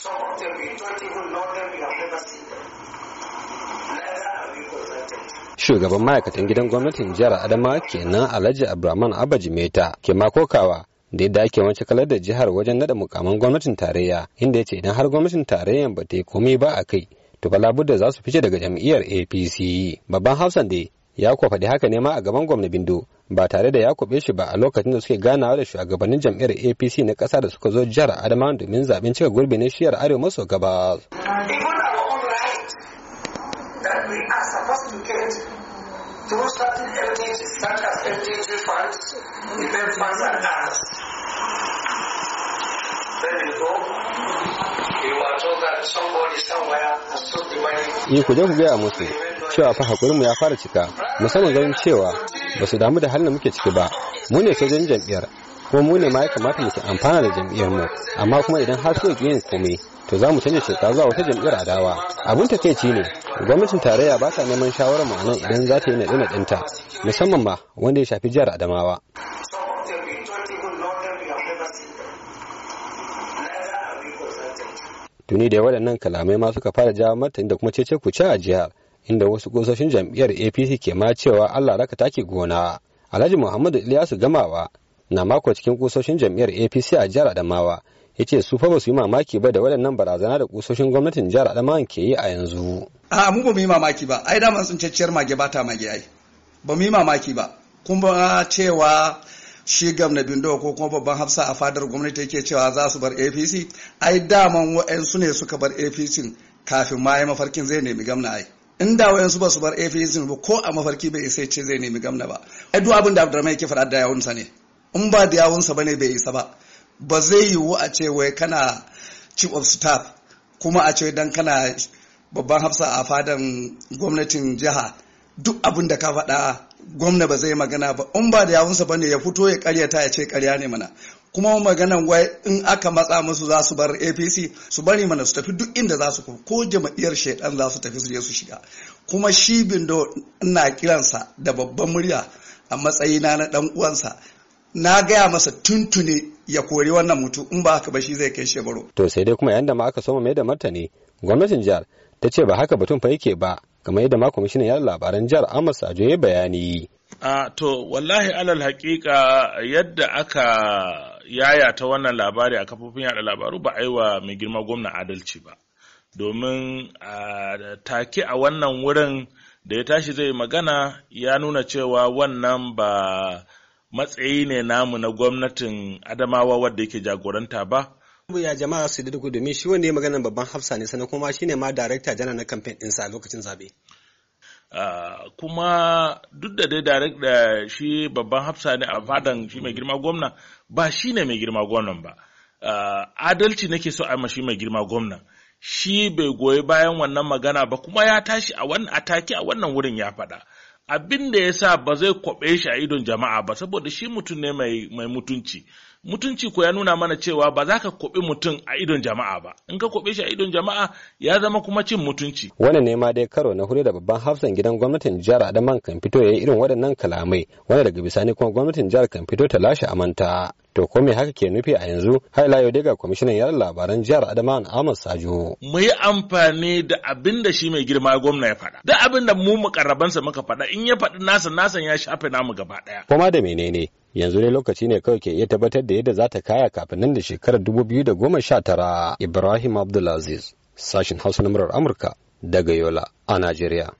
Some of them we don't even know them, we have never seen them. shugaban ma'aikatan gidan gwamnatin jihar adama kenan alhaji abraman abaji meta ke makokawa da yadda ake wance kalar da jihar wajen nada mukaman gwamnatin tarayya inda ya ce idan har gwamnatin tarayyan ba ta yi komai ba a kai to bala labudda za su fice daga jam'iyyar apc babban Hausa da ya kwafaɗi haka ne ma a gaban gwamna bindo ba tare da ya kuɓe shi ba a lokacin da suke ganawa da shugabannin jam'iyyar apc na ƙasa da suka zo jihar adamawa domin zaben cika gurbi na shiyar arewa maso gabas through ku je ku gaya musu cewa fa hakurinmu ya fara cika musamman ganin cewa ba su damu da halin muke ciki ba mu ne sojan jam'iyyar kuma mu ne ma ya kamata mu amfana da jam'iyyar mu amma kuma idan har suka yin komai to za mu canza shekara zuwa wata jam'iyyar adawa abun abin takeici ne gwamnatin tarayya ba ta neman shawarar mu nan idan za ta yi naɗe ta musamman ma wanda ya shafi jihar adamawa tuni da waɗannan kalamai ma suka fara jawo martani da kuma cece ku ci a jihar inda wasu gososhin jam'iyyar apc ke ma cewa allah raka take gona alhaji muhammadu iliyasu gamawa na mako cikin kusoshin jam'iyyar apc a jihar adamawa ya ce su fa ba su yi mamaki ba da waɗannan barazana da kusoshin gwamnatin jihar adamawa ke yi a yanzu a mu ba mu yi mamaki ba ai daman sun ciyar mage ba ta mage ai ba mu yi mamaki ba kuma cewa shi gamna bindo ko kuma babban hafsa a fadar gwamnati yake cewa za su bar apc ai daman wa'ansu ne suka bar apc kafin ma yi mafarkin zai nemi gamna ai In da ba su bar atheism ba ko a mafarki bai isa ce zai nemi gamna ba ai duk abin da Abdurrahman yake fara da yawunsa ne in ba da yawunsa bane bai isa ba ba zai yiwu a ce wai kana chief of staff kuma a ce dan kana babban hafsa a fadan gwamnatin jiha duk abin da ka faɗa gwamna ba zai magana ba in ba da yawunsa bane ya fito ya karyata ya ce karya ne mana kuma maganan wai in aka matsa musu za su bar apc su bari mana su tafi duk inda za su ko jama'iyar shaidan za su tafi su je su shiga kuma shi bindo ina kiransa da babban murya a matsayina na dan uwansa na gaya masa tuntuni ya kori wannan mutu in ba haka ba shi zai kai shebaro to sai dai kuma yanda ma aka soma mai da martani gwamnatin jihar ta ce ba haka batun fa yake ba kamar yadda ma kwamishinan yada labaran jihar amos ajo ya bayani a to wallahi alal haƙiƙa yadda aka Yaya ta wannan labari a kafofin yada labaru ba a yi wa mai girma gwamna adalci ba domin a take a wannan wurin da ya tashi zai magana ya nuna cewa wannan ba matsayi ne namu na gwamnatin adamawa wadda yake jagoranta ba ya jama'a su da domin shi wanda ya magana babban hafsa ne sannan kuma shine ma darekta jana na kamfen ɗinsa a lokacin zabe Ah, kuma duk da dai direct da shi babban hafsa ne a fadan shi mai girma gwamna ba shi ne mai girma gwamnan ba uh, adalci nake so a yi shi mai girma gwamnan shi bai goyi bayan wannan magana ba kuma ya tashi a wannan ataki a wannan wurin ya faɗa abin da ya sa ba zai kwaɓe shi a idon jama'a ba saboda shi mutum ne mai mutunci mutunci ko ya nuna mana cewa ba za ka koɓi mutum a idon jama'a ba in ka koɓe shi a idon jama'a ya zama kuma cin mutunci Wani ne ma dai karo na hudu da babban hafsan gidan gwamnatin jihar adaman kan fito ya yi irin waɗannan kalamai wanda daga bisani kuma gwamnatin jihar kan fito ta lashe amanta to ko me haka ke nufi a yanzu har ila yau daga kwamishinan yaran labaran jihar Adama Ahmad Sajo mu yi amfani da abin da shi mai girma gwamna ya faɗa da abin da mu mukarrabansa muka faɗa in ya faɗi nasa nasan ya shafe namu gaba ɗaya kuma da menene yanzu ne lokaci ne kawai ke iya tabbatar da yadda za ta kaya kafin nan da shekarar dubu biyu da goma sha tara. Ibrahim Abdulaziz sashin Hausa na murar Amurka daga Yola a Najeriya